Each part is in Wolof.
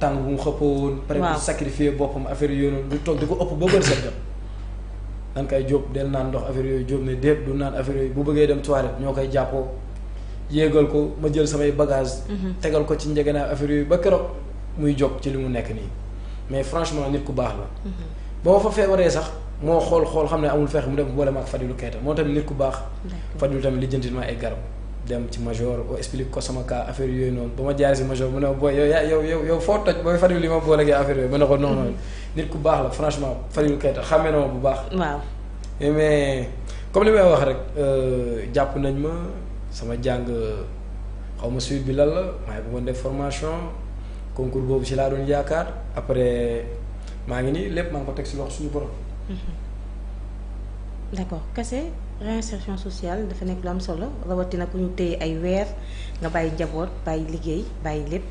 tàng bu mu xëppoon pare bu sacrifier boppam affaire yooyu noonu lu toog di ko ëpp ba bër set jot nan kay jóob del naan ndox affaire yooyu jóob ne déet du naan affaire yooyu bu bëggee dem toilette ñoo koy jàppoo yéegal ko ma jël samay bagage mhm. tegal ko ci njëgënaay affaire yooyu ba keroog muy jóg ci li mu nekk nii mais franchement nit ku baax la mhm. boo ma fa feebaree sax moo xool xool xam ne amul feex mu dem boole ma ak Fadilou Keita moo tamit nit ku baax Fadilou tamit lijjanti ma ay garab dem ci major o oh, explique ko sama cas affaire yooyu noonu ba ma jaar si major mu ne ma booy yow yaa foo toj booy Fadilou li ma boole ak affaire yooyu ma ne ko non non nit ku baax la franchement Fadilou Keita xàmmee na ma bu baax. waaw eh, mais comme li may wax rek euh, jàpp nañ ma sama jàng xaw ma suite bi lan la maa ngi formation concours boobu ci laa yaakaar après maa ngi nii lépp maa ngi ko teg si loxo suñu borom. Mhm. d'accord kese. réinsertion sociale dafa nekk lu am solo rawatina ku ñu téye ay weer nga bàyyi njaboot bàyyi liggéey bàyyi lépp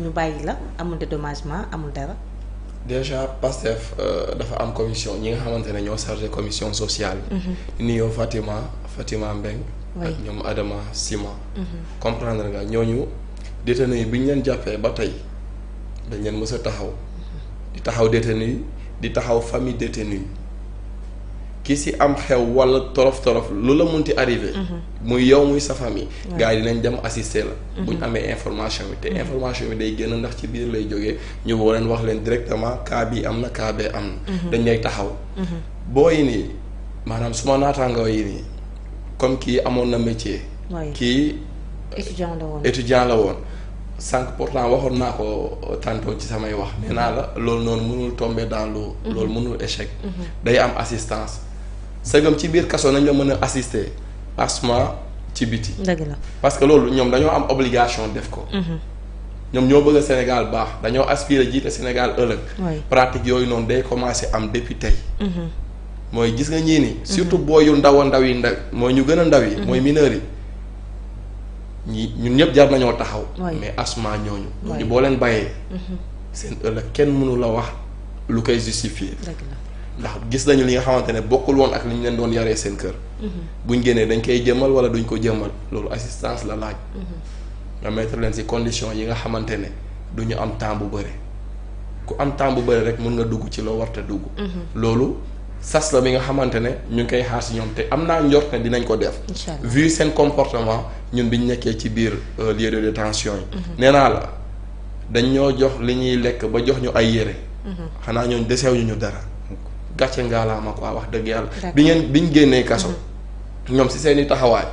ñu bàyyi la amul dédommagement amul dara. déjà PASTEF euh, dafa am commission ñi nga xamante ne ñoo chargé commission sociale. Mhm. nuyoo Fatima Fatima Mbeng ak ñoom Adama Sima. Mhm. comprendre nga ñooñu détenus yi bi ñu leen jàppee ba tey dañ leen mës a taxaw. Mhm. di taxaw détenus yi di taxaw famille détenus yi ki si am xew wala torof torof lu la munti arrivé. Mhm. muy yow muy sa famille. gars yi dinañ dem assister la. Mhm. bu ñu amee information bi te mhm. information bi day génn ndax ci biir lay jógee ñu woo leen wax leen directement cas bi am na cas bee am na. dañ lay taxaw. boo yi nii maanaam suma naataangoo yi nii comme kii amoon na métier. kii. étudiant la woon étudiant woon. sànq pourtant waxoon naa ko euh, tantôt ci samay wax nee naa la loolu noonu mënul tomber dans l'eau loolu mënul échec day am sëgëm ci biir kaso nañ la mën a assister asma ci biti. dëgg parce que loolu ñoom dañoo am obligation def ko. Mhm. ñoom ñoo bëgg Sénégal baax dañoo aspirer jiite Sénégal ëllëg. pratique yooyu noonu day commencé am depuis tey. Mhm. mooy gis nga ñii ni mhm. surtout booy yu ndaw a ndaw yi ndaw mooy ñu gën a ndaw yi. mooy mineurs ñi ñun ñëpp jar nañoo taxaw. mais asma ñooñu. ñu boo leen bàyyee. seen ëllëg kenn mënula wax lu koy justifier. ndax gis nañu li nga xamante ne bokkul woon ak li ñu leen doon yaree seen kër. Mhm. buñ génnee dañ koy jëmmal wala duñ ko jëmmal loolu assistance la laaj. Mhm. nga mettre leen si condition yi nga xamante ne du ñu am temps bu bëri ku am temps bu bëri rek mun nga dugg ci loo warta dugg. Mhm. loolu sas la bi nga xamante ne ñu ngi koy xaar ci ñoom te am naa njort ne dinañ ko def. vu seen comportement ñun bi ñu nekkee ci biir euh, lieu de détention yi. nee naa la dañ ñoo jox li ñuy lekk ba jox ñu ay yére. xanaa ñooñu deseewuñu ñu dara. gàcce ngaalaama quoi wax dëgg yàlla. bi ngeen bi ñu génnee kaso. Mhm. ñoom si seen i taxawaay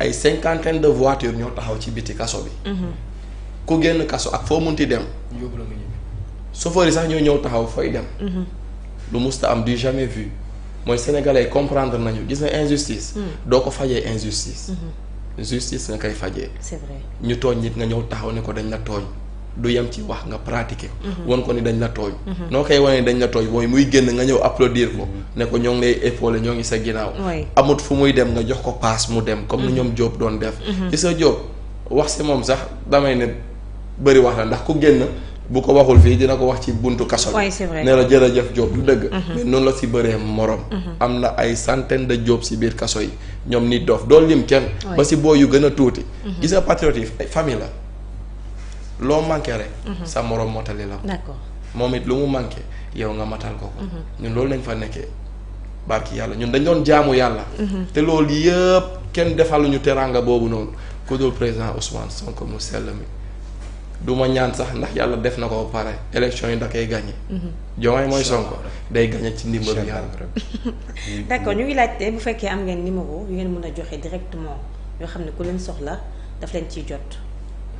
ay cinquantaine de voitures ñoo taxaw ci biti kaso bi. Mhm. ku génn kaso ak foo munti dem. yóbbu la nga ñibbi chauffeur yi sax ñoo ñëw taxaw fooy dem. Mhm. lu musta am du jamais vu mooy sénégalais comprendre nañu gis na injustice. doo ko fajee injustice. justice nga koy fajee. c'est vrai ñu tooñ nit nga ñëw taxaw ne ko dañ la tooñ. du yem ci wax nga pratiquer mhm. won ko ni dañ la tooñ mhm. noo koy wane dañ la tooñ mooy muy génn nga ñëw applaudir ko mhm. ne ko ñoo ngi lay épaulé ñoo ngi sa ginnaaw amut fu muy dem nga jox ko paas mu dem comme ni ñoom Diop doon def ci sa Diop wax si moom sax damay ne bëri wax la ndax ku génn bu ko waxul fii dina ko wax ci buntu kaso bi ne la jërëjëf Diop du dëgg mais noonu la si bëree morom am na ay centaine de Diop si biir kaso yi ñoom nit dof doon lim kenn ba si boo yu gën a tuuti gis nga yi famille la loo manqué rek. Mhm. sa moroom motali la ko. d'accord moom it lu mu manqué yow nga matal ko ko. Mhm. ñun loolu lañ fa nekkee barki yàlla ñun dañ doon jaamu yàlla. Mhm. te loolu yëpp kenn defaluñu teraanga boobu noonu ku dul président Ousmane Sonko mu sell mi du ma ñaan sax ndax yàlla def na ko ba pare élection yi da koy gagné. Diomaye mooy Sonko day gagné ci ndimbalu yàlla. d'accord ñu ngi laajte bu fekkee am ngeen numéro yu a joxe directement yoo xam ne ku leen soxla daf leen ciy jot.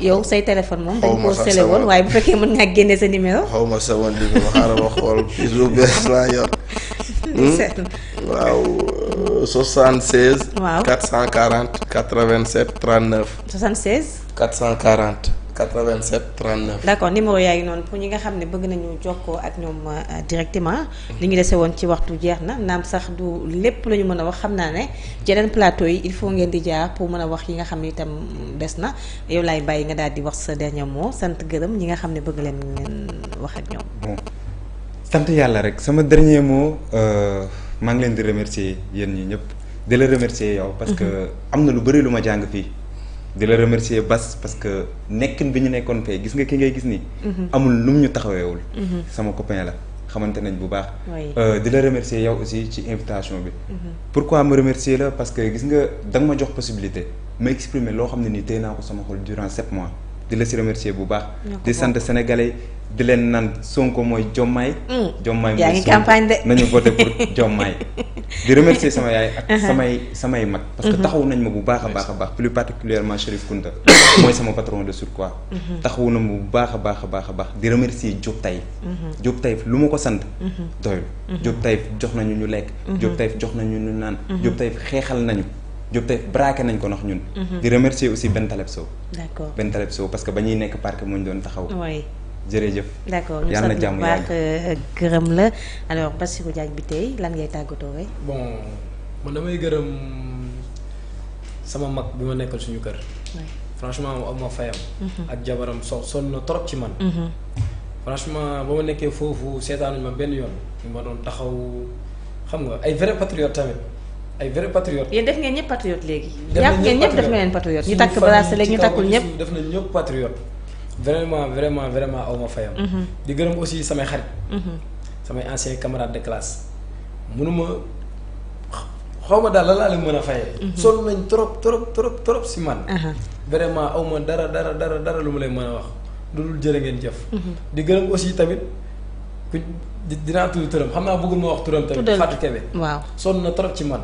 yow say téléphone moom dañ koo sele woon waaye bu fekkee mën ngaa génne sa numéro xaw ma sama numéro xaaral ma xool pis bu bees laa yor hmm? waaw 76 euh, waaw 440 87 87 39. d' accord numéro yaa ngi noonu pour ñi nga xam ne bëgg nañu jokkoo ak ñoom euh, directement. li ñu dese woon ci waxtu jeex na naam sax du lépp la ñu mën a wax xam naa ne jeneen plateau yi il faut ngeen di jaar pour mën a wax yi nga xam ne itam des na yow laay bàyyi nga daal di wax sa dernier moo sant gërëm ñi nga xam ne bëgg leen wax ak ñoom. bon sant yàlla rek sama dernier mot euh, maa ngi leen di remercier yéen ñi ñëpp di la remercier yow. parce que mhm. am na lu bëri lu ma jàng fii. di la remercier Bas parce que nekk bi ñu nekkoon fee gis nga ki ngay gis nii. Mhm. amul lu mu ñu taxaweewul. Mhm. sama copain la xamante nañ bu baax. Euh, di la remercier yow aussi ci invitation bi. Mhm. pourquoi ma remercier la parce que gis nga da nga ma jox possibilité ma exprimer loo xam ne nii téye naa ko sama xol durant sept mois di la si remercier bu baax. di sant sénégalais. di leen naan Sonko mooy Jommaay. Mm. Jommaay mooy Sonko yaa ngi campagne de. nañu voté pour Jommaay. di remercier sama yaay ak uh-huh. samay samay mag. parce que mm-hmm. taxawu nañ ma bu baax a baax a baax. Mm-hmm. ma bu baax a baax a baax a baax di remercier Diop Taïf. Mm-hmm. Diop Taïf lu ma ko sant. doyul Diop Taïf jox nañu ñu lekk. Diop Taïf jox nañu ñu naan. Diop Taïf xeexal nañu. Diop Taïf braqué nañ ko ndax ñun. di remercier aussi Ben Taleb Sow. d'accord Ben Taleb Sow parce que ba ñuy nekk parc moo doon taxaw. jërëjëf. d'accord ñu sant bu baax euh, gërëm la alors Bassirou Diagne bi tey lan ngay tàggatoo rek. bon man damay gërëm sama mag bi ma nekkal suñu kër. franchement am ma fayam. Mhm. ak jabaram soo sonn na trop ci man. Mhm. franchement ba ma nekkee foofu seetaanuñ ma benn yoon ñu ma doon taxaw xam nga ay vrai patriote tamit. ay vrai patriote. yéen def ngeen ñëpp patriote léegi. def ngeen ñëpp def ngeen patriote ñu takk balaa ñu takkul ñëpp def nañ ñëpp patriote. vraiment vraiment vraiment aw ma fayam. Mhm. di gërëm aussi samay xarit. Mhm. samay anciens camarades de classe mënuma xaw ma daal la laa leen mën a fayee. Mhm. sonn nañ trop trop trop trop si man. vraiment aw ma dara dara dara dara lu ma leen mën a wax lu dul jërë ngeen jëf. di gërëm aussi tamit ku dinaa tudd turam xam naa bëggul ma wax turam tamit. Fatou Kébé waaw sonn na trop ci man.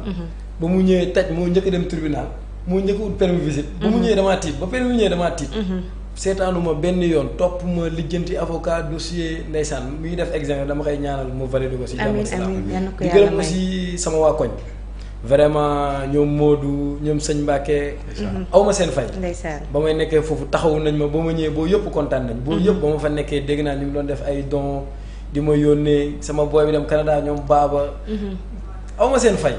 ba mu ñëwee taj moo njëkk dem tribunal moo njëkk wut permis visite. ba mu ñëwee damaa tiit seetaanuma benn yoon topp ma lijjanti avocat dossier ndeysaan mi ngi def examen dama koy ñaanal mu valide ko si jàmm di gërëm aussi sama waa koñ vraiment ñoom Modou ñoom sëñ Mbacke mhm. aw ma seen fay ba may nekkee foofu taxawu nañ ma ba ma ñëwee boo yëpp kontaan nañ boo mhm. yëpp ba ma fa nekkee dégg naa ñu mu doon def ay don di ma yónnee sama boy bi dem Canada ñoom baaba mhm. aw seen fay.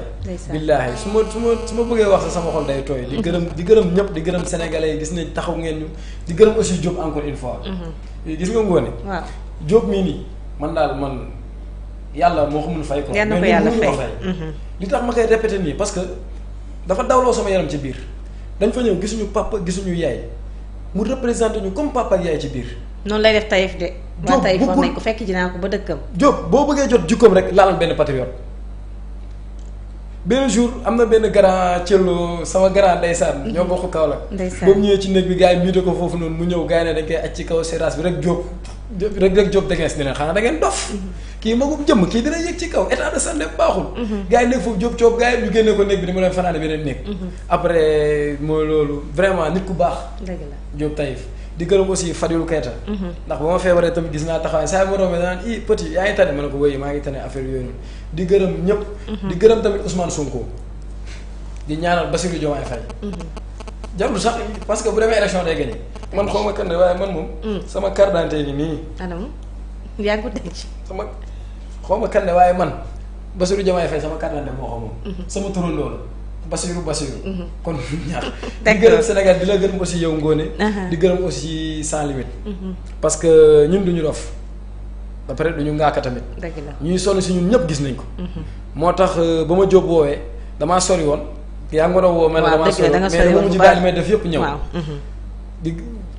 billaahi su ma su ma su ma bëggee wax sa sama xol day tooy. di gërëm di gërëm ñëpp di gërëm sénégalais yi gis nañ taxaw ngeen ñu di gërëm aussi Diop encore une mhm. gis nga ngoone. waaw Diop mii nii man daal man yàlla moo ko mun fay. ko yàlla fay mais fay. Mhm. li tax ma koy répété nii parce dafa dawloo sama yaram ci biir dañ fa ñëw gisuñu papa gisuñu yaay mu représenté ñu comme papa yaay ci biir. noonu lay def tayif de. Diop waa tayif fekk ji naa ko ba dëkkam. Diop boo bëggee jot jikkoom rek laalal benn patriote benn jour am na benn grand Thieloo sama day ndeysaan mhm. ñoo bokk Kaolack. ndeysaan ba mu ñëwee ci néeg bi gars yi miite ko foofu noonu mu ñëw gars yi ne dañ koy aj ci kaw séerasse bi rek jóg. rek rek jóg si ne leen xanaa da ngeen dof. Mhm. kii magum jëmm kii dina yëg ci kaw état de santé baaxul. Mhm. gars yi nekk foofu jóg coob gars yi ñu génne ko néeg bi dama leen fanaane beneen néeg. après mooy loolu vraiment nit ku baax. dëgg la Diop Taïf. di gërëm aussi Fadilou Keita mhm. ndax ba ma feebaree tamit gis naa taxawaay saa yi ma doomee danaan i petit yaa ngi tane ma ne ko wéy maa ngi tane affaire yooyu noonu di gërëm ñëpp mhm. di gërëm tamit Ousmane Sonko di ñaanal Bassirou Diomaye Faye mhm. jarul sax parce que bu demee élection day man xaw ma kan de man moom mm. sama carte d'identité ni nii anam yaa ngi ko waaye man Bassirou Diomaye Faye sama carte d'identité moo xaw moom sama turandoo la Bassirou Bassirou. Mhm. kon ñaar di gërëm Sénégal di la gërëm aussi yow Ngoné. di gërëm aussi sans limite. Mhm. parce que ñun duñu dof ba pare duñu ngaaka tamit. dëgg la ñuy sonn si ñun ñëpp gis nañ ko. Mhm. moo tax euh, ba ma jóob woowee damaa sori woon. yaa ngi war a woo ma ne damaa sori woon mais dama mujj daal may def yëpp ñëw. di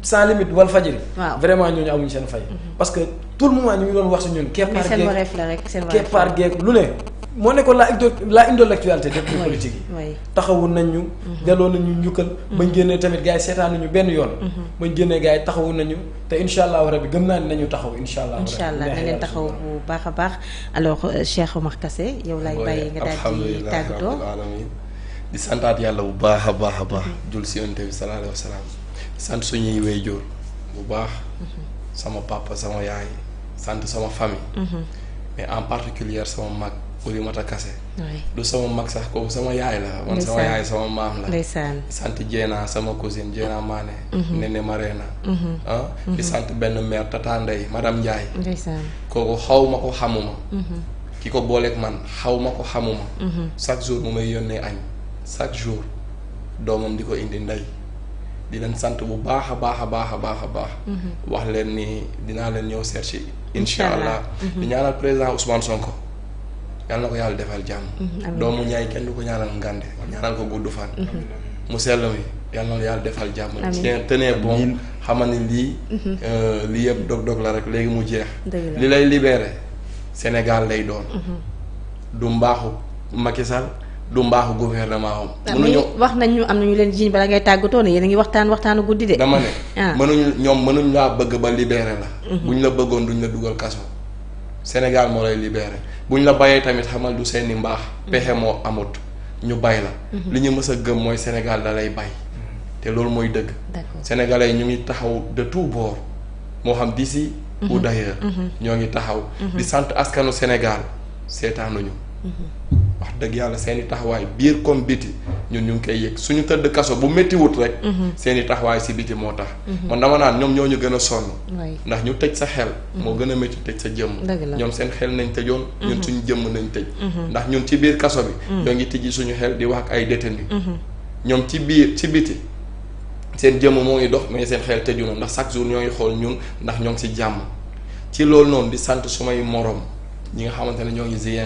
sans limite wal fajiri. waaw vraiment ñooñu amuñ seen fay. parce que tout le moment ñu doon wax si ñun. keppaar geeg seen wareef lu ne. moo nekkoon la la indoon l'actualité de politique yi taxawu nañ mhm. ñu delloo nañ ñu njukkal bañ génnee tamit gars yi seetaan ñu benn yoon mhm. bañ génnee gars yi taxawu nañu te insha allahu rabi gëm naa ne nañu taxaw insha allah insha allah na leen taxaw bu baax a baax alors euh, Cheikh Omar Kassé yow laay bàyyi nga daal di tàggatoo di santaat yàlla bu baax a baax a baax mhm. jul si yonent bi sallallahu alayhi wa sallam sant suñuy wéyjoor bu baax sama papa sama yaay sant sama famille mais en particulier sama mag Oulimata Kassé du sama mag sax kooku sama yaay la man sama yaay sama maam la sant Jeena sama cousine Jeena Mané mhm. Nene Marena mhm. ah di mhm. sant benn mère Tata Ndeye madame Ndiaye kooku xaw ma ko xamuma ki ko booleeg man xaw ma ko xamuma chaque jour mu may yónnee añ chaque jour doomam di ko indi ndey di leen sant bu baax a baax a baax a baax wax leen ni dinaa leen ñëw seet si incha allah di ñaanal président Ousmane Sonko yàlla na ko yàlla defal jàmm. Mm-hmm. doomu ñaay kenn du ko ñaanal ngànde ñaanal ko gudd fan. Mm-hmm. mu sell mi yàlla na ko yàlla defal jàmm. amiin tenee bon xamal ni lii. Mm-hmm. Euh, lii yëpp dog-dog la rek léegi mu jeex. li lay libéré Sénégal lay doon. du mbaaxu Macky Sall du mbaaxu gouvernement am. mënuñu wax nañ ñu am na ñu leen jiiñ bala ngay tàggatoo ne yéen a ngi waxtaan waxtaanu guddi de. dama ne. Ah. mënuñ ñoom mënuñ laa bëgg ba libéré la. buñ la bëggoon duñ la dugal kaso. Sénégal moo lay libéré buñ la bàyyee tamit xamal du seeni mbaax pexe moo amut ñu bay la mhm. li ñu mës a gëm mooy Sénégal da lay bay mhm. te loolu mooy dëgg sénégalais ñu ngi taxaw de tout bord moo xam d'ici mhm. ou d'ailleurs ñoo ngi taxaw di sant askanu Sénégal seetaanuñu wax dëgg yàlla seeni taxawaay biir comme biti ñun ñu ngi koy yëg suñu tëdd kaso bu métti wut rek. Mhm. seen i taxawaay si biti moo tax. Mhm. man dama naan ñoom ñoo ñu gën a sonn. ndax ñu tëj sa xel. Mhm. moo gën a métti tëj sa jëmm. ñoom seen xel nañ tëjoon. ñun suñu jëmm nañ tëj. ndax ñun ci biir kaso bi. ñoo ngi tijji suñu xel di wax ak ay détenus. ñoom ci biir ci biti. seen jëmm moo ngi dox mais seen xel tëju na ndax chaque jour ñoo ngi xool ñun ndax ñoo ngi jàmm ci lool noonu di sant sumay morom ñi nga xamante ne ñoo ngi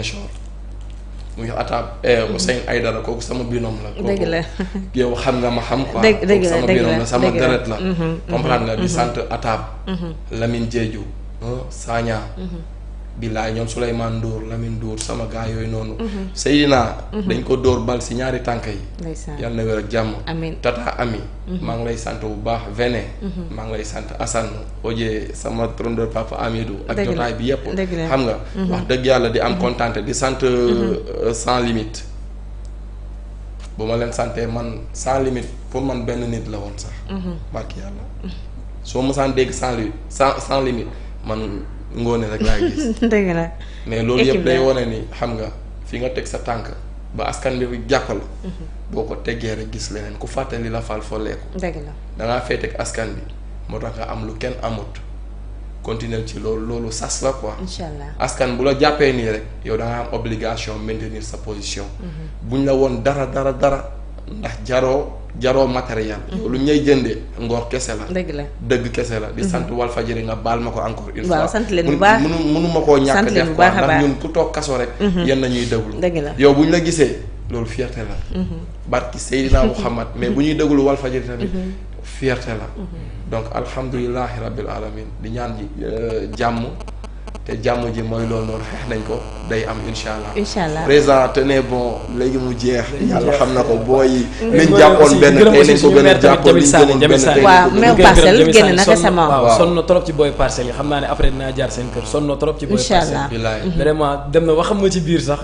muy ataab Ousseyn eh, a kooku sama binom la. dëgg la kooku yow xam nga ma xam. quoi kooku sama binom la sama deret la. Mm-hmm. comprendre nga di mm-hmm. sant ataab mm-hmm. Lamine Diédhiou. Sagna. billaay ñoom Souleymane Ndour Lamine Ndour sama gars yooyu noonu. Mhm. Seydina. Mhm. dañ ko dóor bal si ñaari tànk yi. yàlla na wér ak jàmm. amiin ami. Mhm. maa ngi lay sant bu baax Vene. maa lay sant Assane Oje sama trondeur papa Amidou. ak jotaay bi yépp xam nga. wax dëgg yàlla di am kontaan di sant euh, sans limite. bu ma leen santee man sans limite pour man benn nit la woon sax. barki yàlla soo ma saan dégg sans sans limite man. ngóone rek laa gis. dëgg la mais loolu yëpp day wone ni xam nga fi nga teg sa tànk ba askan bi jàpp la. Mhm. boo ko teggee rek gis leneen ku fàttali la faal folleeku. dëgg la da ngaa askan bi moo tax nga am lu kenn amut. continuer ci loolu loolu sas la quoi. askan bu la jàppee nii rek yow da am obligation maintenir sa position. Mhm. buñ la woon dara dara dara ndax jaroo. jaroo matériel. Mhm. lu ñuy jëndee ngor kese la. dëgg la dëgg kese la. di mhm. sant Walfadjri nga baal ma ko encore une fois. waaw sant leen bu baax mënu mënu ma koo ñàkk def quoi ndax ñun ku toog kaso rek. Mhm. yéen nañuy déglu. dëgg la yow bu ñu la gisee loolu fierté la. barki Seydina Muhammad mais bu ñuy déglu Walfadjri tamit fierté la. donc alhamdulilahi rabbil alamin di ñaan euh, jàmm. jàmm ji mooy loolu noonu xeex nañ ko day am incha allah. incha allah président tenez bon léegi mu jeex. yàlla xam na ko booy yi. nañ jàppoon benn tey a jàppoon liñ gënoon benn tey. waaw même parcelle génn na ci booy parcelle yi xam naa ne après dinaa jaar seen kër sonn na trop ci booy parcelle mhm. dem na waxam ma ci biir sax.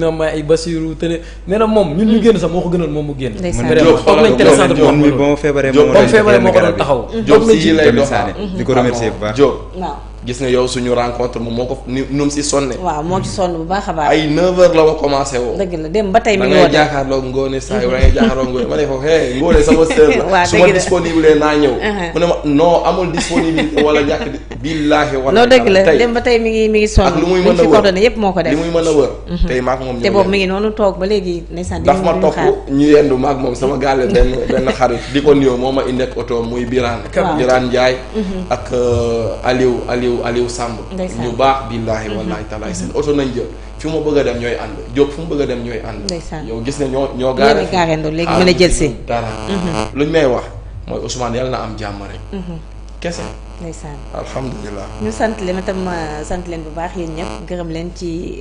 na ma ay Basiru te moom ñun ñu génn sax moo ko gënoon moom mu génn. vraiment toog nañ télécentre moom mi ba mu feebaree moo ko doon taxaw. Diop si lay dox di ko remercier bu baax Diop. waaw. gis nga yow suñu rencontre moom moo ko ni nu mu si sonne. waaw moo ci sonn bu baax a baax. ay 9h la ma commencé woo. dëgg la dem ba tey mi ngi woote da ngay jàkkaarloo Ngone saa yi da ngay jàkkaarloo Ngone ma ne ko hey Ngone sama sœur la. Uh-huh. mu ngi sonn. ak lu muy mën a wër a uh-huh. tey maa moom ñëw te moom ma indi oto muy Birane Birane Ndiaye uh-huh. ak euh, Aliou Aliou Aliou Aliou Samb ñu baax billaahi mhm. wallaahi taalaay mhm. seen oto nañ jël fi mu bëgg a dem ñooy ànd Diop fu mu bëgg a dem ñooy ànd yow gis ne ñoo ñoo gaarendo léegi ah, mën a jël si dara mhm. lu ñu may wax mooy Ousmane yàlla na am jàmm rek kese ndeysaan alhamdulilah ñu sant leen itam euh, sant leen bu baax yéen ñëpp gërëm leen ci